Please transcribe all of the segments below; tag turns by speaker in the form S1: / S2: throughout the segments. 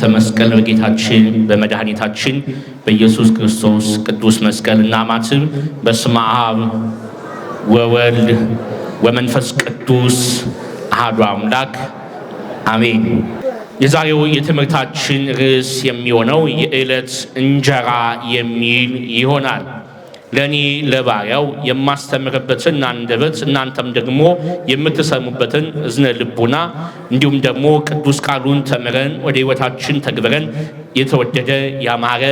S1: በዕለተ መስቀል በጌታችን በመድኃኒታችን በኢየሱስ ክርስቶስ ቅዱስ መስቀል እና ማትም በስመ አብ ወወልድ ወመንፈስ ቅዱስ አሐዱ አምላክ አሜን። የዛሬው የትምህርታችን ርዕስ የሚሆነው የዕለት እንጀራ የሚል ይሆናል። ለእኔ ለባሪያው የማስተምርበትን አንደበት እናንተም ደግሞ የምትሰሙበትን እዝነ ልቡና እንዲሁም ደግሞ ቅዱስ ቃሉን ተምረን ወደ ሕይወታችን ተግብረን የተወደደ ያማረ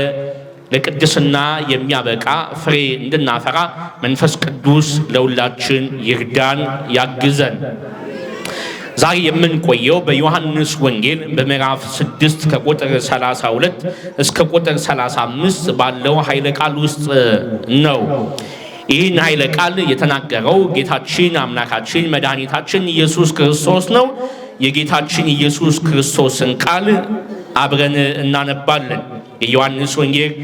S1: ለቅድስና የሚያበቃ ፍሬ እንድናፈራ መንፈስ ቅዱስ ለሁላችን ይርዳን ያግዘን። ዛሬ የምንቆየው በዮሐንስ ወንጌል በምዕራፍ 6 ከቁጥር 32 እስከ ቁጥር 35 ባለው ኃይለ ቃል ውስጥ ነው። ይህን ኃይለ ቃል የተናገረው ጌታችን አምላካችን መድኃኒታችን ኢየሱስ ክርስቶስ ነው። የጌታችን ኢየሱስ ክርስቶስን ቃል አብረን እናነባለን። የዮሐንስ ወንጌል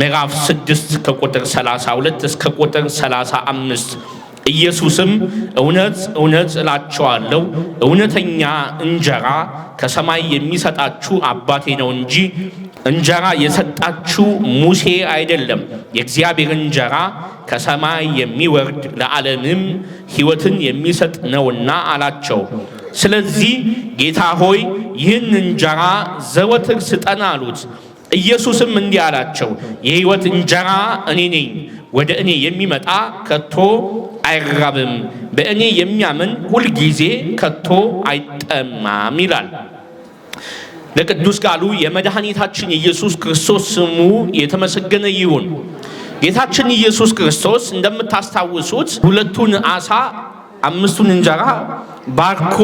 S1: ምዕራፍ 6 ከቁጥር 32 እስከ ቁጥር 35 ኢየሱስም እውነት እውነት እላቸዋለሁ እውነተኛ እንጀራ ከሰማይ የሚሰጣችሁ አባቴ ነው እንጂ እንጀራ የሰጣችሁ ሙሴ አይደለም። የእግዚአብሔር እንጀራ ከሰማይ የሚወርድ ለዓለምም ሕይወትን የሚሰጥ ነውና አላቸው። ስለዚህ ጌታ ሆይ ይህን እንጀራ ዘወትር ስጠን አሉት። ኢየሱስም እንዲህ አላቸው፣ የሕይወት እንጀራ እኔ ነኝ። ወደ እኔ የሚመጣ ከቶ አይራብም፣ በእኔ የሚያምን ሁልጊዜ ከቶ አይጠማም ይላል። ለቅዱስ ቃሉ የመድኃኒታችን ኢየሱስ ክርስቶስ ስሙ የተመሰገነ ይሁን። ጌታችን ኢየሱስ ክርስቶስ እንደምታስታውሱት ሁለቱን አሳ አምስቱን እንጀራ ባርኮ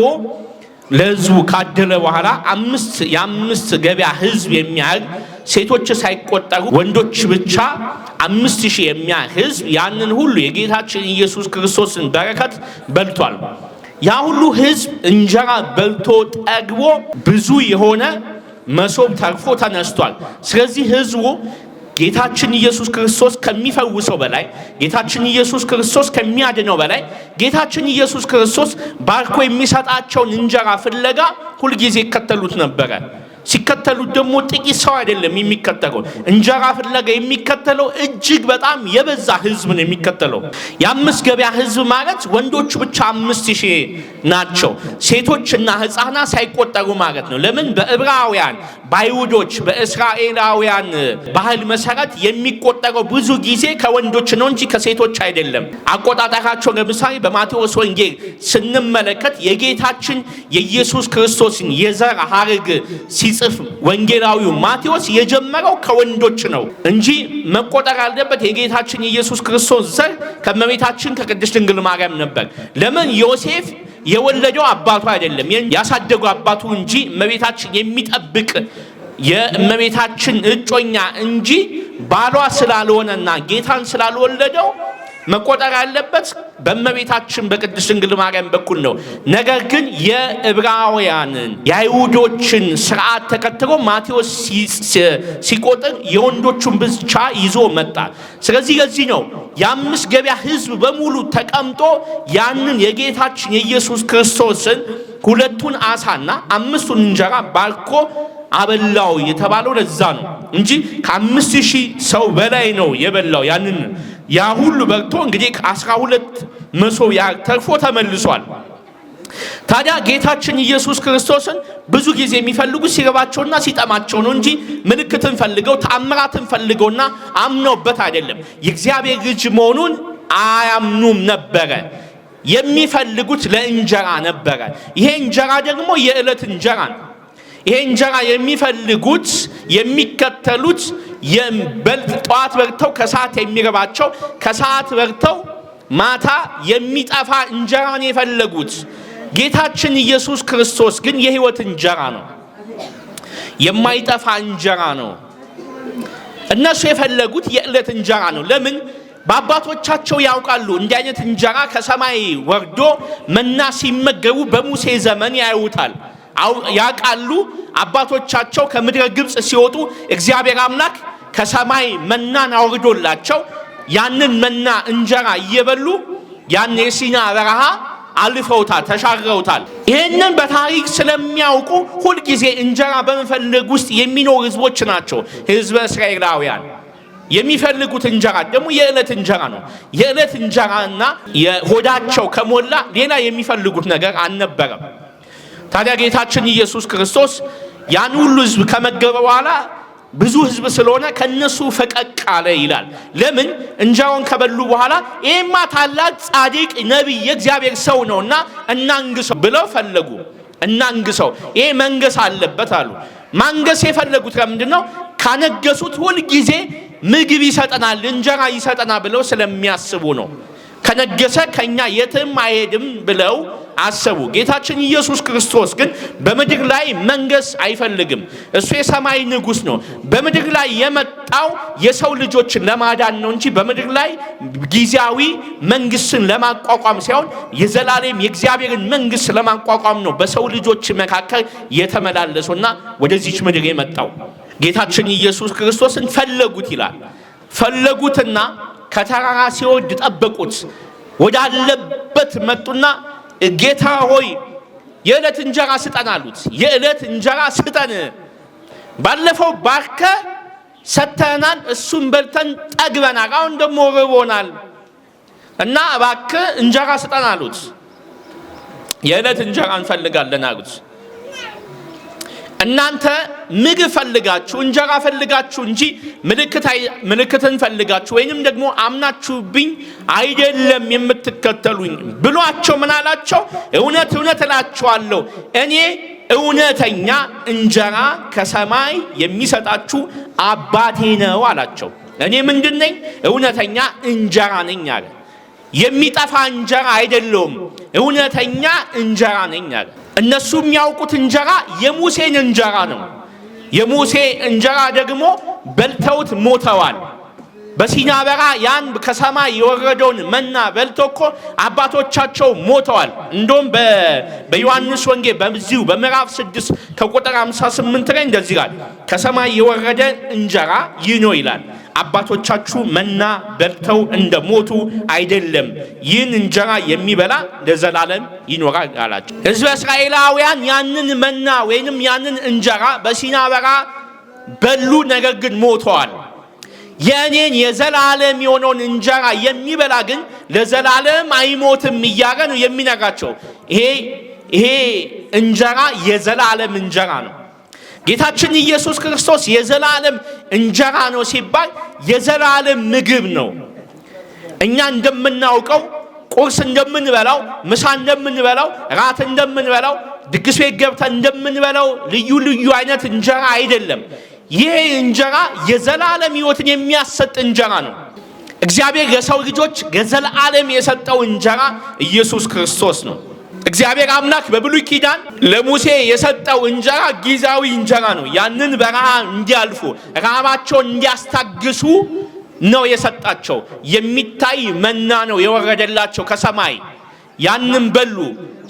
S1: ለሕዝቡ ካደለ በኋላ አምስት የአምስት ገበያ ሕዝብ የሚያህል ሴቶች ሳይቆጠሩ ወንዶች ብቻ አምስት ሺህ የሚያ ህዝብ ያንን ሁሉ የጌታችን ኢየሱስ ክርስቶስን በረከት በልቷል። ያ ሁሉ ህዝብ እንጀራ በልቶ ጠግቦ ብዙ የሆነ መሶብ ተርፎ ተነስቷል። ስለዚህ ህዝቡ ጌታችን ኢየሱስ ክርስቶስ ከሚፈውሰው በላይ ጌታችን ኢየሱስ ክርስቶስ ከሚያድነው በላይ ጌታችን ኢየሱስ ክርስቶስ ባርኮ የሚሰጣቸውን እንጀራ ፍለጋ ሁልጊዜ ይከተሉት ነበረ። ሲከተሉት ደግሞ ጥቂት ሰው አይደለም የሚከተለው። እንጀራ ፍለጋ የሚከተለው እጅግ በጣም የበዛ ህዝብ ነው የሚከተለው። የአምስት ገበያ ህዝብ ማለት ወንዶቹ ብቻ አምስት ሺህ ናቸው፣ ሴቶችና ህፃናት ሳይቆጠሩ ማለት ነው። ለምን በዕብራውያን በአይሁዶች በእስራኤላውያን ባህል መሰረት የሚቆጠረው ብዙ ጊዜ ከወንዶች ነው እንጂ ከሴቶች አይደለም። አቆጣጠራቸው ለምሳሌ በማቴዎስ ወንጌል ስንመለከት የጌታችን የኢየሱስ ክርስቶስን የዘር ሀረግ ሲጽፍ ወንጌላዊው ማቴዎስ የጀመረው ከወንዶች ነው እንጂ መቆጠር ያለበት የጌታችን የኢየሱስ ክርስቶስ ዘር ከእመቤታችን ከቅድስት ድንግል ማርያም ነበር። ለምን ዮሴፍ የወለደው አባቱ አይደለም ያሳደገው አባቱ እንጂ እመቤታችን የሚጠብቅ የእመቤታችን እጮኛ እንጂ ባሏ ስላልሆነና ጌታን ስላልወለደው መቆጠር ያለበት በእመቤታችን በቅድስት ድንግል ማርያም በኩል ነው። ነገር ግን የዕብራውያንን የአይሁዶችን ስርዓት ተከትሎ ማቴዎስ ሲቆጥር የወንዶቹን ብቻ ይዞ መጣ። ስለዚህ ለዚህ ነው የአምስት ገበያ ሕዝብ በሙሉ ተቀምጦ ያንን የጌታችን የኢየሱስ ክርስቶስን ሁለቱን አሳና አምስቱን እንጀራ ባርኮ አበላው የተባለው ለዛ ነው እንጂ ከአምስት ሺህ ሰው በላይ ነው የበላው ያንን ያ ሁሉ በልቶ እንግዲህ ከአስራ ሁለት መሶብ ተርፎ ተመልሷል። ታዲያ ጌታችን ኢየሱስ ክርስቶስን ብዙ ጊዜ የሚፈልጉት ሲርባቸውና ሲጠማቸው ነው እንጂ ምልክትን ፈልገው ተአምራትን ፈልገውና አምነውበት አይደለም። የእግዚአብሔር ልጅ መሆኑን አያምኑም ነበረ። የሚፈልጉት ለእንጀራ ነበረ። ይሄ እንጀራ ደግሞ የዕለት እንጀራ ነው። ይሄ እንጀራ የሚፈልጉት የሚከተሉት ጠዋት በርተው ከሰዓት የሚርባቸው ከሰዓት በርተው ማታ የሚጠፋ እንጀራን የፈለጉት ጌታችን ኢየሱስ ክርስቶስ ግን የህይወት እንጀራ ነው፣ የማይጠፋ እንጀራ ነው። እነሱ የፈለጉት የዕለት እንጀራ ነው። ለምን? በአባቶቻቸው ያውቃሉ። እንዲህ አይነት እንጀራ ከሰማይ ወርዶ መና ሲመገቡ በሙሴ ዘመን ያዩታል። ያውቃሉ። አባቶቻቸው ከምድረ ግብፅ ሲወጡ እግዚአብሔር አምላክ ከሰማይ መናን አውርዶላቸው ያንን መና እንጀራ እየበሉ ያን የሲና በረሃ አልፈውታል፣ ተሻግረውታል። ይህንን በታሪክ ስለሚያውቁ ሁልጊዜ እንጀራ በመፈለግ ውስጥ የሚኖሩ ህዝቦች ናቸው። ህዝበ እስራኤላውያን የሚፈልጉት እንጀራ ደግሞ የዕለት እንጀራ ነው። የዕለት እንጀራና የሆዳቸው ከሞላ ሌላ የሚፈልጉት ነገር አልነበረም። ታዲያ ጌታችን ኢየሱስ ክርስቶስ ያን ሁሉ ህዝብ ከመገበ በኋላ ብዙ ህዝብ ስለሆነ ከነሱ ፈቀቅ አለ ይላል። ለምን? እንጀራውን ከበሉ በኋላ ይህማ ታላቅ ጻድቅ ነቢይ የእግዚአብሔር ሰው ነውና እናንግሰው ብለው ፈለጉ። እናንግሰው፣ ይህ መንገስ አለበት አሉ። ማንገስ የፈለጉት ከምንድን ነው? ካነገሱት ሁልጊዜ ምግብ ይሰጠናል፣ እንጀራ ይሰጠናል ብለው ስለሚያስቡ ነው። ከነገሰ ከኛ የትም አይሄድም ብለው አሰቡ። ጌታችን ኢየሱስ ክርስቶስ ግን በምድር ላይ መንገስ አይፈልግም። እሱ የሰማይ ንጉሥ ነው። በምድር ላይ የመጣው የሰው ልጆችን ለማዳን ነው እንጂ በምድር ላይ ጊዜያዊ መንግስትን ለማቋቋም ሳይሆን የዘላለም የእግዚአብሔርን መንግስት ለማቋቋም ነው። በሰው ልጆች መካከል የተመላለሱና ወደዚች ምድር የመጣው ጌታችን ኢየሱስ ክርስቶስን ፈለጉት ይላል። ፈለጉትና ከተራራ ሲወርድ ጠበቁት። ወዳለበት መጡና ጌታ ሆይ የዕለት እንጀራ ስጠን አሉት። የዕለት እንጀራ ስጠን፣ ባለፈው ባርከ ሰተናል፣ እሱን በልተን ጠግበናል፣ አሁን ደግሞ ርቦናል እና እባክህ እንጀራ ስጠን አሉት። የዕለት እንጀራ እንፈልጋለን አሉት። እናንተ ምግብ ፈልጋችሁ እንጀራ ፈልጋችሁ እንጂ ምልክትን ፈልጋችሁ ወይንም ደግሞ አምናችሁብኝ አይደለም የምትከተሉኝ ብሏቸው ምን አላቸው? እውነት እውነት እላችኋለሁ እኔ እውነተኛ እንጀራ ከሰማይ የሚሰጣችሁ አባቴ ነው አላቸው። እኔ ምንድን ነኝ? እውነተኛ እንጀራ ነኝ አለ። የሚጠፋ እንጀራ አይደለውም፣ እውነተኛ እንጀራ ነኝ አለ። እነሱ የሚያውቁት እንጀራ የሙሴን እንጀራ ነው። የሙሴ እንጀራ ደግሞ በልተውት ሞተዋል። በሲና በረሃ ያን ከሰማይ የወረደውን መና በልቶ እኮ አባቶቻቸው ሞተዋል። እንደውም በዮሐንስ ወንጌል በዚሁ በምዕራፍ 6 ከቁጥር 58 ላይ እንደዚህ ይላል፣ ከሰማይ የወረደ እንጀራ ይህ ነው ይላል። አባቶቻችሁ መና በልተው እንደ ሞቱ አይደለም፣ ይህን እንጀራ የሚበላ ለዘላለም ይኖራል አላቸው። ሕዝበ እስራኤላውያን ያንን መና ወይንም ያንን እንጀራ በሲና በረሃ በሉ፣ ነገር ግን ሞተዋል። የእኔን የዘላለም የሆነውን እንጀራ የሚበላ ግን ለዘላለም አይሞትም እያለ ነው የሚነግራቸው። ይሄ እንጀራ የዘላለም እንጀራ ነው። ጌታችን ኢየሱስ ክርስቶስ የዘላለም እንጀራ ነው ሲባል የዘላለም ምግብ ነው። እኛ እንደምናውቀው ቁርስ እንደምንበላው፣ ምሳ እንደምንበላው፣ ራት እንደምንበላው፣ ድግስ ቤት ገብተን እንደምንበላው ልዩ ልዩ አይነት እንጀራ አይደለም። ይሄ እንጀራ የዘላለም ሕይወትን የሚያሰጥ እንጀራ ነው። እግዚአብሔር የሰው ልጆች የዘላለም የሰጠው እንጀራ ኢየሱስ ክርስቶስ ነው። እግዚአብሔር አምላክ በብሉይ ኪዳን ለሙሴ የሰጠው እንጀራ ጊዜያዊ እንጀራ ነው። ያንን በረሃ እንዲያልፉ ረሃባቸውን እንዲያስታግሱ ነው የሰጣቸው። የሚታይ መና ነው የወረደላቸው ከሰማይ። ያንን በሉ።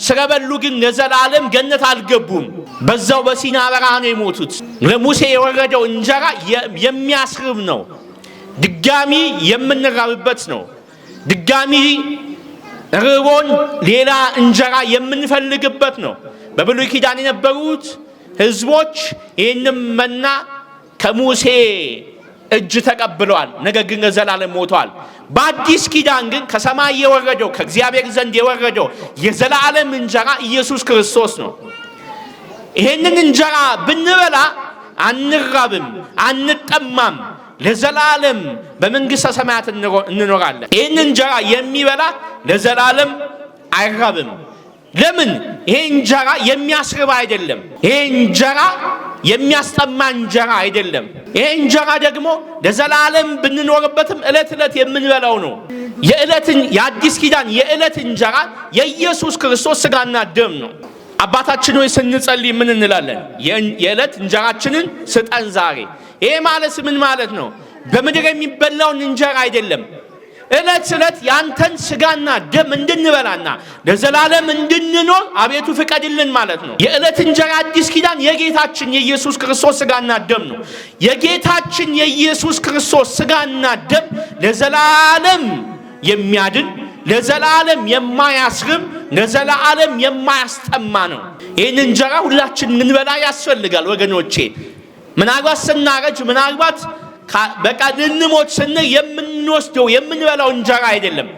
S1: ስለበሉ ግን ለዘላለም ገነት አልገቡም። በዛው በሲና በረሃ ነው የሞቱት። ለሙሴ የወረደው እንጀራ የሚያስርብ ነው። ድጋሚ የምንራብበት ነው። ድጋሚ ርቦን ሌላ እንጀራ የምንፈልግበት ነው። በብሉይ ኪዳን የነበሩት ህዝቦች ይህንም መና ከሙሴ እጅ ተቀብለዋል። ነገር ግን ለዘላለም ሞተዋል። በአዲስ ኪዳን ግን ከሰማይ የወረደው ከእግዚአብሔር ዘንድ የወረደው የዘላለም እንጀራ ኢየሱስ ክርስቶስ ነው። ይሄንን እንጀራ ብንበላ አንራብም፣ አንጠማም፣ ለዘላለም በመንግሥተ ሰማያት እንኖራለን። ይህን እንጀራ የሚበላ ለዘላለም አይራብም። ለምን ይሄ እንጀራ የሚያስርባ አይደለም። ይሄ እንጀራ የሚያስጠማ እንጀራ አይደለም። ይሄ እንጀራ ደግሞ ለዘላለም ብንኖርበትም ዕለት ዕለት የምንበላው ነው። የዕለትን የአዲስ ኪዳን የዕለት እንጀራ የኢየሱስ ክርስቶስ ሥጋና ደም ነው። አባታችን ሆይ ስንጸልይ ምን እንላለን? የዕለት እንጀራችንን ስጠን ዛሬ። ይሄ ማለት ምን ማለት ነው? በምድር የሚበላውን እንጀራ አይደለም እለት እለት ያንተን ስጋና ደም እንድንበላና ለዘላለም እንድንኖር አቤቱ ፍቀድልን ማለት ነው። የዕለት እንጀራ አዲስ ኪዳን የጌታችን የኢየሱስ ክርስቶስ ስጋና ደም ነው። የጌታችን የኢየሱስ ክርስቶስ ስጋና ደም ለዘላለም የሚያድን ለዘላለም የማያስርብ ለዘላለም የማያስጠማ ነው። ይህን እንጀራ ሁላችን እንበላ ያስፈልጋል ወገኖቼ። ምናልባት ስናረጅ ምናልባት በቃ ልንሞት ስንል የምንወስደው የምንበላው እንጀራ አይደለም።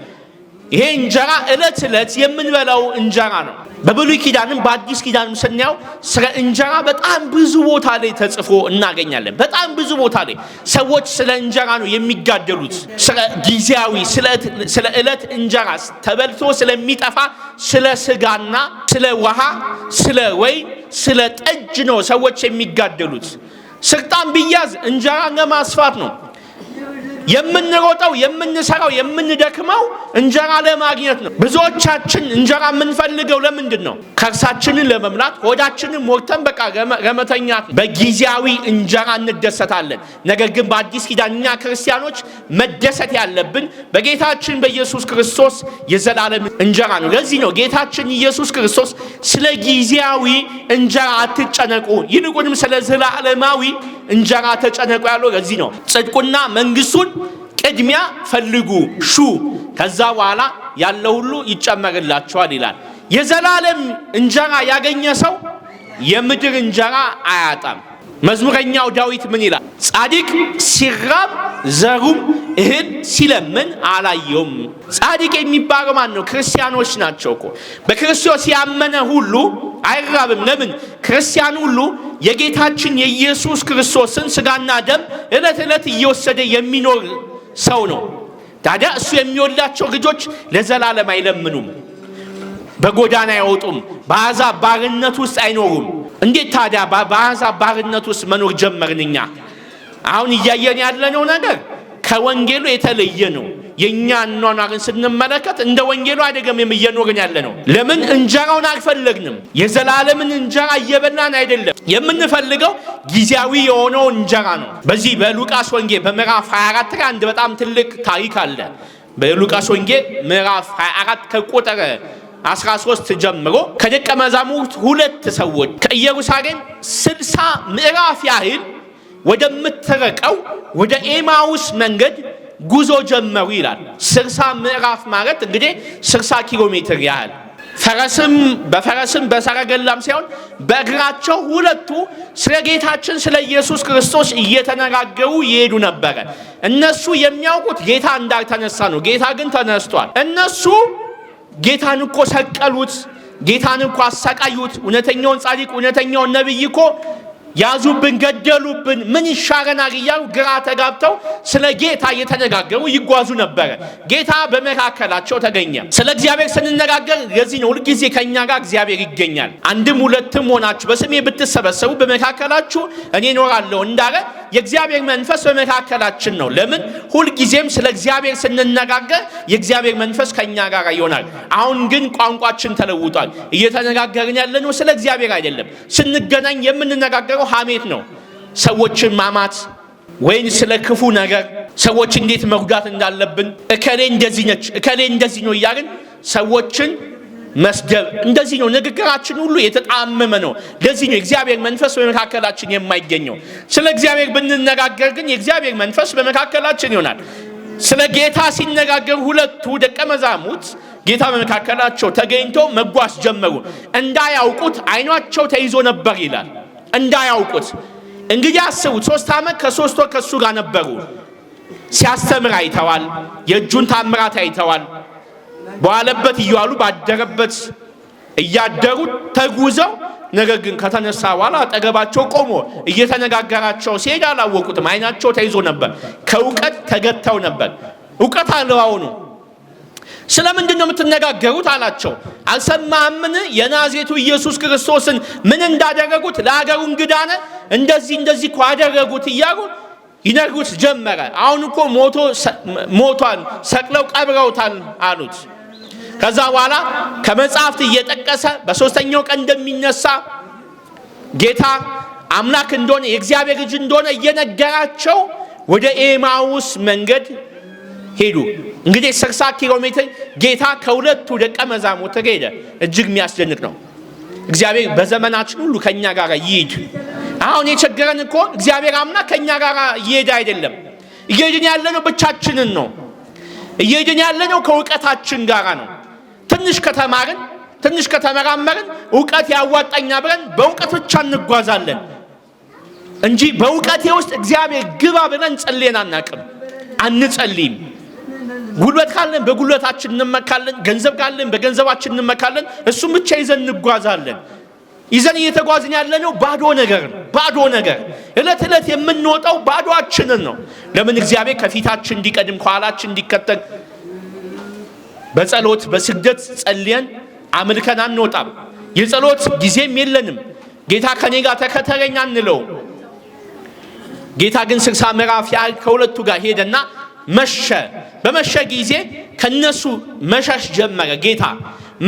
S1: ይሄ እንጀራ ዕለት ዕለት የምንበላው እንጀራ ነው። በብሉይ ኪዳንም በአዲስ ኪዳንም ስናየው ስለ እንጀራ በጣም ብዙ ቦታ ላይ ተጽፎ እናገኛለን። በጣም ብዙ ቦታ ላይ ሰዎች ስለ እንጀራ ነው የሚጋደሉት። ስለ ጊዜያዊ፣ ስለ ዕለት እንጀራ ተበልቶ ስለሚጠፋ ስለ ስጋና ስለ ውሃ፣ ስለ ወይ ስለ ጠጅ ነው ሰዎች የሚጋደሉት። ስልጣን ቢያዝ እንጀራን ለማስፋት ነው። የምንሮጠው የምንሰራው የምንደክመው እንጀራ ለማግኘት ነው። ብዙዎቻችን እንጀራ የምንፈልገው ለምንድን ነው? ከርሳችንን ለመምላት ሆዳችንን ሞርተን በቃ ረመተኛ በጊዜያዊ እንጀራ እንደሰታለን። ነገር ግን በአዲስ ኪዳን እኛ ክርስቲያኖች መደሰት ያለብን በጌታችን በኢየሱስ ክርስቶስ የዘላለም እንጀራ ነው። ለዚህ ነው ጌታችን ኢየሱስ ክርስቶስ ስለ ጊዜያዊ እንጀራ አትጨነቁ፣ ይልቁንም ስለ ዘላለማዊ እንጀራ ተጨነቁ ያለው ለዚህ ነው። ጽድቁና መንግስቱን ቅድሚያ ፈልጉ ሹ፣ ከዛ በኋላ ያለው ሁሉ ይጨመርላቸዋል ይላል። የዘላለም እንጀራ ያገኘ ሰው የምድር እንጀራ አያጣም። መዝሙረኛው ዳዊት ምን ይላል? ጻድቅ ሲራብ ዘሩም እህል ሲለምን አላየውም። ጻድቅ የሚባለው ማን ነው? ክርስቲያኖች ናቸው እኮ። በክርስቶስ ያመነ ሁሉ አይራብም። ለምን? ክርስቲያን ሁሉ የጌታችን የኢየሱስ ክርስቶስን ስጋና ደም ዕለት ዕለት እየወሰደ የሚኖር ሰው ነው። ታዲያ እሱ የሚወላቸው ልጆች ለዘላለም አይለምኑም። በጎዳና አይወጡም። በአሕዛብ ባርነት ውስጥ አይኖሩም። እንዴት ታዲያ በአሕዛብ ባርነት ውስጥ መኖር ጀመርን? እኛ አሁን እያየን ያለነው ነገር ከወንጌሉ የተለየ ነው። የእኛ እኗኗርን ስንመለከት እንደ ወንጌሉ አይደገም የምየኖርን ያለ ነው። ለምን እንጀራውን አልፈለግንም? የዘላለምን እንጀራ እየበላን አይደለም። የምንፈልገው ጊዜያዊ የሆነው እንጀራ ነው። በዚህ በሉቃስ ወንጌል በምዕራፍ 24 አንድ በጣም ትልቅ ታሪክ አለ። በሉቃስ ወንጌል ምዕራፍ 24 ከቁጥር 13 ጀምሮ ከደቀ መዛሙርት ሁለት ሰዎች ከኢየሩሳሌም 60 ምዕራፍ ያህል ወደምትረቀው ወደ ኤማውስ መንገድ ጉዞ ጀመሩ ይላል። 60 ምዕራፍ ማለት እንግዲህ 60 ኪሎ ሜትር ያህል ፈረስም በፈረስም በሰረገላም ሳይሆን በእግራቸው ሁለቱ ስለ ጌታችን ስለ ኢየሱስ ክርስቶስ እየተነጋገሩ ይሄዱ ነበረ። እነሱ የሚያውቁት ጌታ እንዳልተነሳ ነው። ጌታ ግን ተነስቷል። እነሱ ጌታን እኮ ሰቀሉት፣ ጌታን እኮ አሰቃዩት። እውነተኛውን ጻድቅ እውነተኛውን ነቢይ እኮ ያዙብን፣ ገደሉብን፣ ምን ይሻረናል እያሉ ግራ ተጋብተው ስለ ጌታ እየተነጋገሩ ይጓዙ ነበረ። ጌታ በመካከላቸው ተገኘ። ስለ እግዚአብሔር ስንነጋገር የዚህ ነው ሁልጊዜ ከእኛ ጋር እግዚአብሔር ይገኛል። አንድም ሁለትም ሆናችሁ በስሜ ብትሰበሰቡ በመካከላችሁ እኔ እኖራለሁ እንዳለ የእግዚአብሔር መንፈስ በመካከላችን ነው። ለምን ሁልጊዜም ስለ እግዚአብሔር ስንነጋገር የእግዚአብሔር መንፈስ ከእኛ ጋር ይሆናል። አሁን ግን ቋንቋችን ተለውጧል። እየተነጋገርን ያለነው ስለ እግዚአብሔር አይደለም። ስንገናኝ የምንነጋገረው ሐሜት ነው። ሰዎችን ማማት ወይም ስለ ክፉ ነገር ሰዎች እንዴት መጉዳት እንዳለብን እከሌ እንደዚህ ነች፣ እከሌ እንደዚህ ነው እያልን ሰዎችን መስደብ እንደዚህ ነው። ንግግራችን ሁሉ የተጣመመ ነው። ለዚህ ነው እግዚአብሔር መንፈስ በመካከላችን የማይገኘው። ስለ እግዚአብሔር ብንነጋገር ግን የእግዚአብሔር መንፈስ በመካከላችን ይሆናል። ስለ ጌታ ሲነጋገር ሁለቱ ደቀ መዛሙርት ጌታ በመካከላቸው ተገኝቶ መጓዝ ጀመሩ። እንዳያውቁት አይኗቸው ተይዞ ነበር ይላል። እንዳያውቁት እንግዲህ አስቡት፣ ሶስት ዓመት ከሶስት ወር ከሱ ጋር ነበሩ። ሲያስተምር አይተዋል። የእጁን ታምራት አይተዋል። በዋለበት እያሉ ባደረበት እያደሩ ተጉዘው፣ ነገር ግን ከተነሳ በኋላ አጠገባቸው ቆሞ እየተነጋገራቸው ሲሄድ አላወቁትም። አይናቸው ተይዞ ነበር። ከእውቀት ተገተው ነበር። እውቀት አልባው ነው። ስለምንድን ነው የምትነጋገሩት? አላቸው። አልሰማምን የናዝሬቱ ኢየሱስ ክርስቶስን ምን እንዳደረጉት፣ ለአገሩ እንግዳነ እንደዚህ እንደዚህ እኮ አደረጉት እያሉ ይነግሩት ጀመረ። አሁን እኮ ሞቷን ሰቅለው ቀብረውታል አሉት። ከዛ በኋላ ከመጽሐፍት እየጠቀሰ በሶስተኛው ቀን እንደሚነሳ ጌታ አምላክ እንደሆነ የእግዚአብሔር ልጅ እንደሆነ እየነገራቸው ወደ ኤማውስ መንገድ ሄዱ። እንግዲህ 60 ኪሎ ሜትር ጌታ ከሁለቱ ደቀ መዛሙርት ሄደ። እጅግ የሚያስደንቅ ነው። እግዚአብሔር በዘመናችን ሁሉ ከኛ ጋር ይሄድ። አሁን የቸገረን እኮ እግዚአብሔር አምና ከኛ ጋር እየሄደ አይደለም። እየሄድን ያለነው ብቻችንን ነው። እየሄድን ያለነው ከእውቀታችን ጋር ነው። ትንሽ ከተማርን ትንሽ ከተመራመርን እውቀት ያዋጣኛ ብለን በእውቀት ብቻ እንጓዛለን እንጂ በእውቀቴ ውስጥ እግዚአብሔር ግባ ብለን ጸልየን አናቅም፣ አንጸልይም። ጉልበት ካለን በጉልበታችን እንመካለን። ገንዘብ ካለን በገንዘባችን እንመካለን። እሱም ብቻ ይዘን እንጓዛለን። ይዘን እየተጓዝን ያለነው ባዶ ነገር ነው። ባዶ ነገር እለት እለት የምንወጣው ባዶችንን ነው። ለምን እግዚአብሔር ከፊታችን እንዲቀድም ከኋላችን እንዲከተል በጸሎት በስግደት ጸልየን አምልከን አንወጣም። የጸሎት ጊዜም የለንም። ጌታ ከኔ ጋር ተከተለኝ አንለውም። ጌታ ግን ስልሳ ምዕራፍ ያህል ከሁለቱ ጋር ሄደና መሸ። በመሸ ጊዜ ከነሱ መሸሽ ጀመረ። ጌታ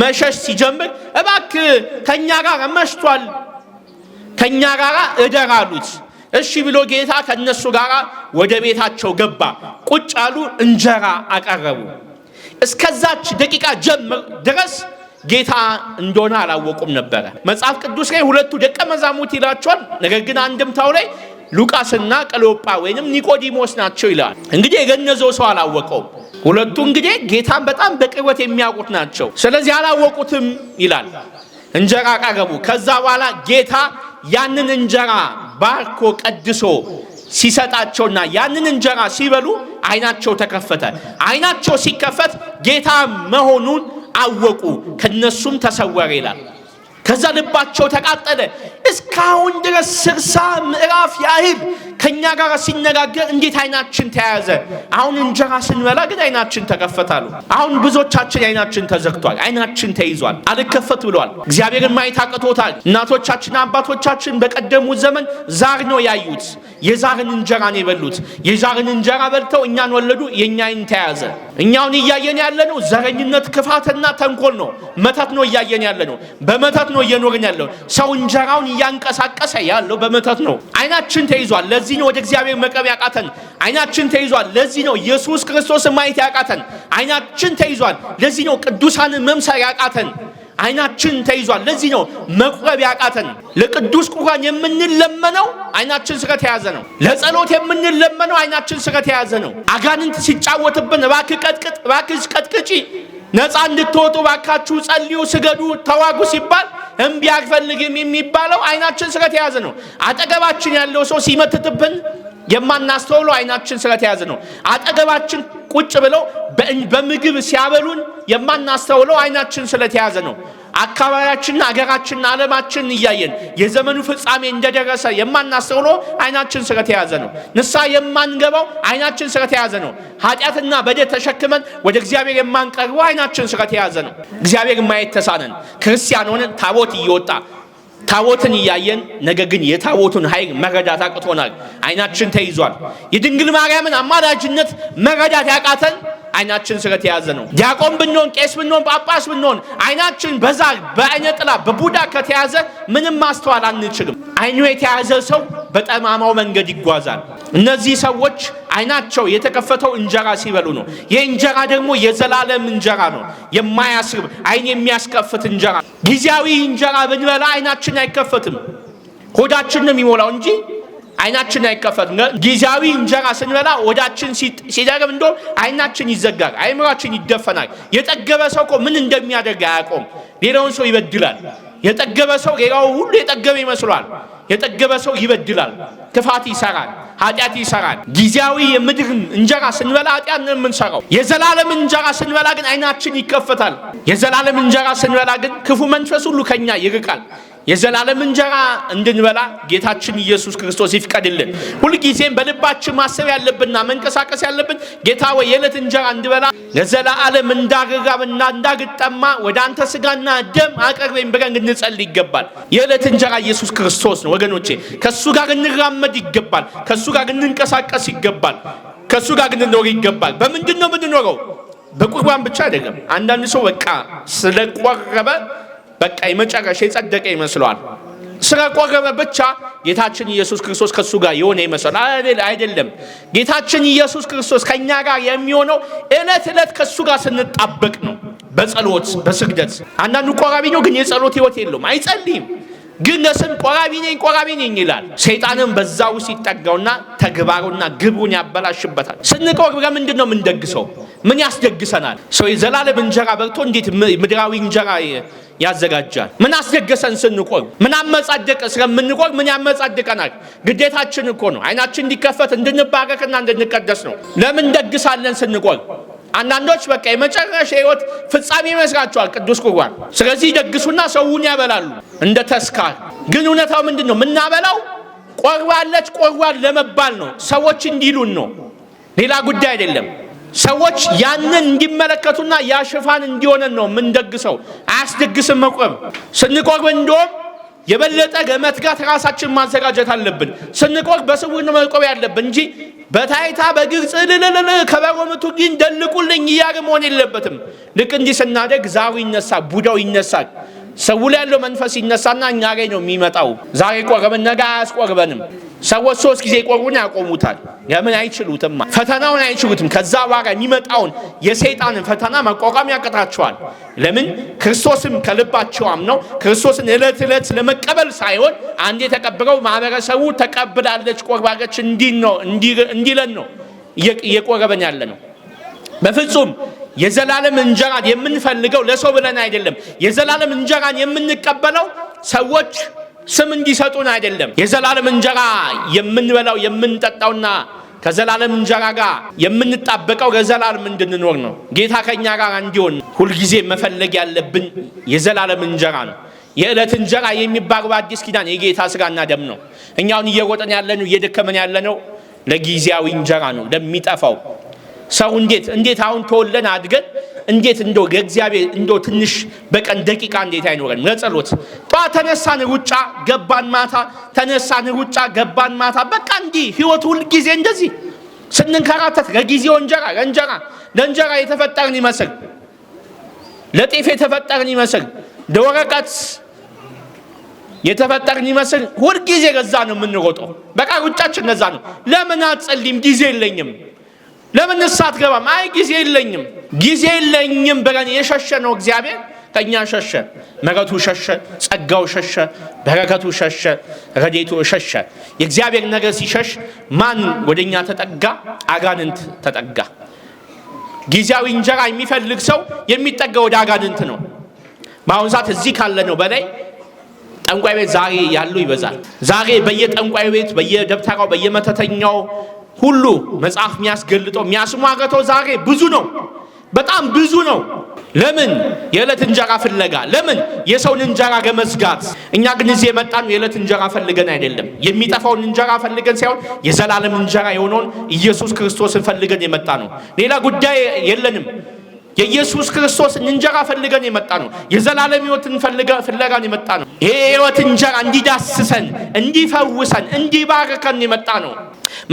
S1: መሸሽ ሲጀምር እባክ ከእኛ ጋር መሽቷል፣ ከኛ ጋር እደር አሉት። እሺ ብሎ ጌታ ከነሱ ጋር ወደ ቤታቸው ገባ። ቁጭ አሉ፣ እንጀራ አቀረቡ። እስከዛች ደቂቃ ጀምር ድረስ ጌታ እንደሆነ አላወቁም ነበረ። መጽሐፍ ቅዱስ ላይ ሁለቱ ደቀ መዛሙርት ይላቸዋል። ነገር ግን አንድምታው ላይ ሉቃስና ቀሎጳ ወይም ኒቆዲሞስ ናቸው ይላል። እንግዲህ የገነዘው ሰው አላወቀውም። ሁለቱ እንግዲህ ጌታን በጣም በቅርበት የሚያውቁት ናቸው። ስለዚህ አላወቁትም ይላል። እንጀራ አቀረቡ። ከዛ በኋላ ጌታ ያንን እንጀራ ባርኮ ቀድሶ ሲሰጣቸውና ያንን እንጀራ ሲበሉ አይናቸው ተከፈተ። አይናቸው ሲከፈት ጌታ መሆኑን አወቁ፣ ከነሱም ተሰወረ ይላል። ከዛ ልባቸው ተቃጠለ። እስካሁን ድረስ ስልሳ ምዕራፍ ያህል ከእኛ ጋር ሲነጋገር እንዴት አይናችን ተያያዘ? አሁን እንጀራ ስንበላ ግን አይናችን ተከፈታሉ። አሁን ብዙዎቻችን አይናችን ተዘግቷል፣ አይናችን ተይዟል፣ አልከፈት ብሏል። እግዚአብሔርን ማየት አቅቶታል። እናቶቻችን አባቶቻችን በቀደሙት ዘመን ዛር ነው ያዩት፣ የዛርን እንጀራ ነው የበሉት። የዛርን እንጀራ በልተው እኛን ወለዱ፣ የእኛ አይን ተያያዘ። እኛውን እያየን ያለ ነው ዘረኝነት፣ ክፋትና ተንኮል ነው። መተት ነው እያየን ያለ ነው። በመተት ነው እየኖርን ያለ ነው። ሰው እንጀራውን እያንቀሳቀሰ ያለው በመተት ነው። አይናችን ተይዟል። ለዚህ ነው ወደ እግዚአብሔር መቅረብ ያቃተን። አይናችን ተይዟል። ለዚህ ነው ኢየሱስ ክርስቶስን ማየት ያቃተን። አይናችን ተይዟል። ለዚህ ነው ቅዱሳንን መምሰር ያቃተን። አይናችን ተይዟል። ለዚህ ነው መቁረብ ያቃተን። ለቅዱስ ቁርባን የምንለመነው አይናችን ስለተያዘ ነው። ለጸሎት የምንለመነው አይናችን ስለተያዘ ነው። አጋንንት ሲጫወትብን እባክህ ቀጥቅጥ፣ እባክህ ቀጥቅጪ፣ ነፃ እንድትወጡ እባካችሁ ጸልዩ፣ ስገዱ፣ ተዋጉ ሲባል እምቢ አልፈልግም የሚባለው አይናችን ስለተያዘ ነው። አጠገባችን ያለው ሰው ሲመትትብን የማናስተውለው አይናችን ስለተያዘ ነው። አጠገባችን ቁጭ ብለው በምግብ ሲያበሉን የማናስተውለው አይናችን ስለተያዘ ነው። አካባቢያችንን፣ አገራችንን፣ አለማችንን እያየን የዘመኑ ፍጻሜ እንደደረሰ የማናስተውለው አይናችን ስለተያዘ ነው። ንሳ የማንገባው አይናችን ስለተያዘ ነው። ኃጢአትና በደል ተሸክመን ወደ እግዚአብሔር የማንቀርበው አይናችን ስለተያዘ ነው። እግዚአብሔር ማየት ተሳነን። ክርስቲያን ሆነን ታቦት እየወጣ ታቦትን እያየን ነገር ግን የታቦቱን ኃይል መረዳት አቅቶናል። አይናችን ተይዟል። የድንግል ማርያምን አማላጅነት መረዳት ያቃተን አይናችን ስለተያዘ ነው። ዲያቆን ብንሆን፣ ቄስ ብንሆን፣ ጳጳስ ብንሆን አይናችን በዛ በአይነ ጥላ በቡዳ ከተያዘ ምንም ማስተዋል አንችልም። አይኑ የተያዘ ሰው በጠማማው መንገድ ይጓዛል። እነዚህ ሰዎች አይናቸው የተከፈተው እንጀራ ሲበሉ ነው። ይህ እንጀራ ደግሞ የዘላለም እንጀራ ነው፣ የማያስርብ አይን የሚያስከፍት እንጀራ። ጊዜያዊ እንጀራ ብንበላ አይናችን አይከፈትም፣ ሆዳችንም ይሞላው እንጂ አይናችን አይከፈት። ጊዜያዊ እንጀራ ስንበላ ወዳችን ሲደርብ እንዶ አይናችን ይዘጋል፣ አይምራችን ይደፈናል። የጠገበ ሰው እኮ ምን እንደሚያደርግ አያቆም። ሌላውን ሰው ይበድላል። የጠገበ ሰው ሌላው ሁሉ የጠገበ ይመስሏል። የጠገበ ሰው ይበድላል፣ ክፋት ይሰራል፣ ኃጢአት ይሰራል። ጊዜያዊ የምድርን እንጀራ ስንበላ ኃጢአት ነው የምንሰራው። የዘላለም እንጀራ ስንበላ ግን አይናችን ይከፈታል። የዘላለም እንጀራ ስንበላ ግን ክፉ መንፈስ ሁሉ ከኛ ይርቃል። የዘላለም እንጀራ እንድንበላ ጌታችን ኢየሱስ ክርስቶስ ይፍቀድልን። ሁልጊዜም በልባችን ማሰብ ያለብንና መንቀሳቀስ ያለብን ጌታ ወይ የዕለት እንጀራ እንድበላ ለዘላለም እንዳርራብና እንዳግጠማ ወደ አንተ ስጋና ደም አቅርበኝ ብለን እንጸልይ ይገባል። የዕለት እንጀራ ኢየሱስ ክርስቶስ ነው ወገኖቼ። ከእሱ ጋር እንራመድ ይገባል። ከእሱ ጋር እንንቀሳቀስ ይገባል። ከእሱ ጋር እንኖር ይገባል። በምንድን ነው የምንኖረው? በቁርባን ብቻ አይደለም። አንዳንድ ሰው በቃ ስለቆረበ በቃ የመጨረሻ የጸደቀ ይመስለዋል። ስራ ቆረበ ብቻ ጌታችን ኢየሱስ ክርስቶስ ከእሱ ጋር የሆነ ይመስላል። አይደለም። ጌታችን ኢየሱስ ክርስቶስ ከእኛ ጋር የሚሆነው እለት እለት ከእሱ ጋር ስንጣበቅ ነው። በጸሎት በስግደት። አንዳንዱ ቆራቢ ነው፣ ግን የጸሎት ህይወት የለውም፣ አይጸልይም ግን ለስም ቆራቢ ነኝ ቆራቢ ነኝ ይላል። ሰይጣንም በዛ ውስጥ ይጠጋውና ተግባሩና ግብሩን ያበላሽበታል። ስንቆርብ ለምንድን ነው የምንደግሰው? ምን ያስደግሰናል? ሰው የዘላለም እንጀራ በርቶ እንዴት ምድራዊ እንጀራ ያዘጋጃል? ምን አስደገሰን? ስንቆርብ ምን አመጻደቀ? ስለምንቆርብ ምን ያመጻድቀናል? ግዴታችን እኮ ነው። አይናችን እንዲከፈት እንድንባረክና እንድንቀደስ ነው። ለምን ደግሳለን ስንቆርብ? አንዳንዶች በቃ የመጨረሻ ህይወት ፍጻሜ ይመስላቸዋል ቅዱስ ቁርባን። ስለዚህ ይደግሱና ሰውን ያበላሉ እንደ ተስካር። ግን እውነታው ምንድን ነው? የምናበላው ቆርባለች ቆርባል ለመባል ነው። ሰዎች እንዲሉን ነው፣ ሌላ ጉዳይ አይደለም። ሰዎች ያንን እንዲመለከቱና ያሽፋን እንዲሆነን ነው የምንደግሰው። አያስደግስም መቆም ስንቆርብ እንደውም የበለጠ ለመትጋት ራሳችን ማዘጋጀት አለብን። ስንቆር በስውር ነው መቆም ያለብን እንጂ በታይታ በግልጽ ልልልል ከበሮ ምቱልኝ ደልቁልኝ እያለ መሆን የለበትም። ልክ እንዲህ ስናደግ ዛሩ ይነሳል፣ ቡዳው ይነሳል። ሰው ላይ ያለው መንፈስ ይነሳና እኛ ላይ ነው የሚመጣው። ዛሬ ቆርበን ነገ አያስቆርበንም። ሰዎች ሶስት ጊዜ ይቆርቡን ያቆሙታል። ለምን አይችሉትም? ፈተናውን አይችሉትም። ከዛ በኋላ የሚመጣውን የሰይጣንን ፈተና መቋቋም ያቀጣቸዋል ለምን? ክርስቶስም ከልባቸው አምነው ክርስቶስን እለት እለት ለመቀበል ሳይሆን አንድ የተቀብረው ማህበረሰቡ ተቀብላለች ቆርባለች እንዲለን ነው እየቆረበን ያለ ነው። በፍጹም የዘላለም እንጀራን የምንፈልገው ለሰው ብለን አይደለም። የዘላለም እንጀራን የምንቀበለው ሰዎች ስም እንዲሰጡን አይደለም። የዘላለም እንጀራ የምንበላው የምንጠጣውና ከዘላለም እንጀራ ጋር የምንጣበቀው ከዘላለም እንድንኖር ነው። ጌታ ከኛ ጋር እንዲሆን ሁልጊዜ መፈለግ ያለብን የዘላለም እንጀራ ነው። የዕለት እንጀራ የሚባለው በአዲስ ኪዳን የጌታ ስጋና ደም ነው። እኛውን እየወጠን ያለነው እየደከመን ያለነው ለጊዜያዊ እንጀራ ነው፣ ለሚጠፋው ሰው እንዴት እንዴት አሁን ተወለን አድገን እንዴት እንዶ የእግዚአብሔር እንዶ ትንሽ በቀን ደቂቃ እንዴት አይኖረን ለጸሎት? ጠዋት ተነሳን ሩጫ ገባን ማታ፣ ተነሳን ሩጫ ገባን ማታ። በቃ እንዲህ ህይወት ሁል ጊዜ እንደዚህ ስንንከራተት ለጊዜው እንጀራ ለእንጀራ ለእንጀራ የተፈጠርን ይመስል ለጤፍ የተፈጠርን ይመስል ለወረቀት የተፈጠርን ይመስል ሁልጊዜ ገዛ ነው የምንሮጠው። በቃ ሩጫችን ነዛ ነው። ለምን አጸልም ጊዜ የለኝም ለምን ንስሐ አትገባም? አይ ጊዜ የለኝም፣ ጊዜ የለኝም ብለን የሸሸ ነው እግዚአብሔር ከእኛ ሸሸ። ምሕረቱ ሸሸ፣ ጸጋው ሸሸ፣ በረከቱ ሸሸ፣ ረዴቱ ሸሸ። የእግዚአብሔር ነገር ሲሸሽ ማን ወደ እኛ ተጠጋ? አጋንንት ተጠጋ። ጊዜያዊ እንጀራ የሚፈልግ ሰው የሚጠጋ ወደ አጋንንት ነው። በአሁኑ ሰዓት እዚህ ካለ ነው በላይ ጠንቋይ ቤት ዛሬ ያሉ ይበዛል። ዛሬ በየጠንቋይ ቤት፣ በየደብተራው፣ በየመተተኛው ሁሉ መጽሐፍ የሚያስገልጠው የሚያስሟገተው ዛሬ ብዙ ነው፣ በጣም ብዙ ነው። ለምን የዕለት እንጀራ ፍለጋ፣ ለምን የሰውን እንጀራ ገመዝጋት? እኛ ግን እዚህ የመጣነው የዕለት እንጀራ ፈልገን አይደለም፣ የሚጠፋውን እንጀራ ፈልገን ሳይሆን የዘላለም እንጀራ የሆነውን ኢየሱስ ክርስቶስን ፈልገን የመጣ ነው። ሌላ ጉዳይ የለንም። የኢየሱስ ክርስቶስ እንጀራ ፈልገን የመጣ ነው። የዘላለም ሕይወትን ፍለጋን የመጣ ነው። ይሄ ሕይወት እንጀራ እንዲዳስሰን፣ እንዲፈውሰን፣ እንዲባርከን የመጣ ነው።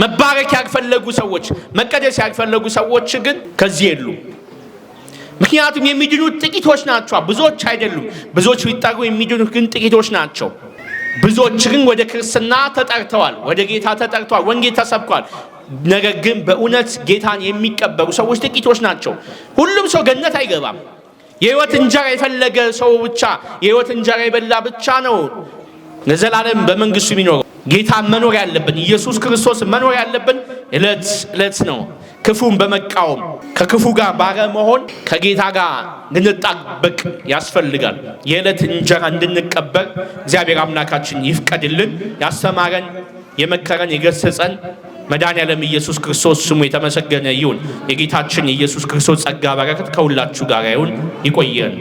S1: መባረክ ያልፈለጉ ሰዎች፣ መቀደስ ያልፈለጉ ሰዎች ግን ከዚህ የሉ። ምክንያቱም የሚድኑት ጥቂቶች ናቸው፣ ብዙዎች አይደሉም። ብዙዎች ቢጠሩ የሚድኑት ግን ጥቂቶች ናቸው። ብዙዎች ግን ወደ ክርስትና ተጠርተዋል፣ ወደ ጌታ ተጠርተዋል፣ ወንጌል ተሰብኳል። ነገር ግን በእውነት ጌታን የሚቀበሉ ሰዎች ጥቂቶች ናቸው። ሁሉም ሰው ገነት አይገባም። የህይወት እንጀራ የፈለገ ሰው ብቻ የህይወት እንጀራ የበላ ብቻ ነው ለዘላለም በመንግስቱ የሚኖረው። ጌታ መኖር ያለብን ኢየሱስ ክርስቶስ መኖር ያለብን እለት እለት ነው። ክፉን በመቃወም ከክፉ ጋር ባረ መሆን ከጌታ ጋር ልንጣበቅ ያስፈልጋል። የዕለት እንጀራ እንድንቀበር እግዚአብሔር አምላካችን ይፍቀድልን። ያስተማረን የመከረን የገሰጸን መድኃኔ ዓለም ኢየሱስ ክርስቶስ ስሙ የተመሰገነ ይሁን። የጌታችን የኢየሱስ ክርስቶስ ጸጋ በረከት ከሁላችሁ ጋር ይሁን። ይቆየን።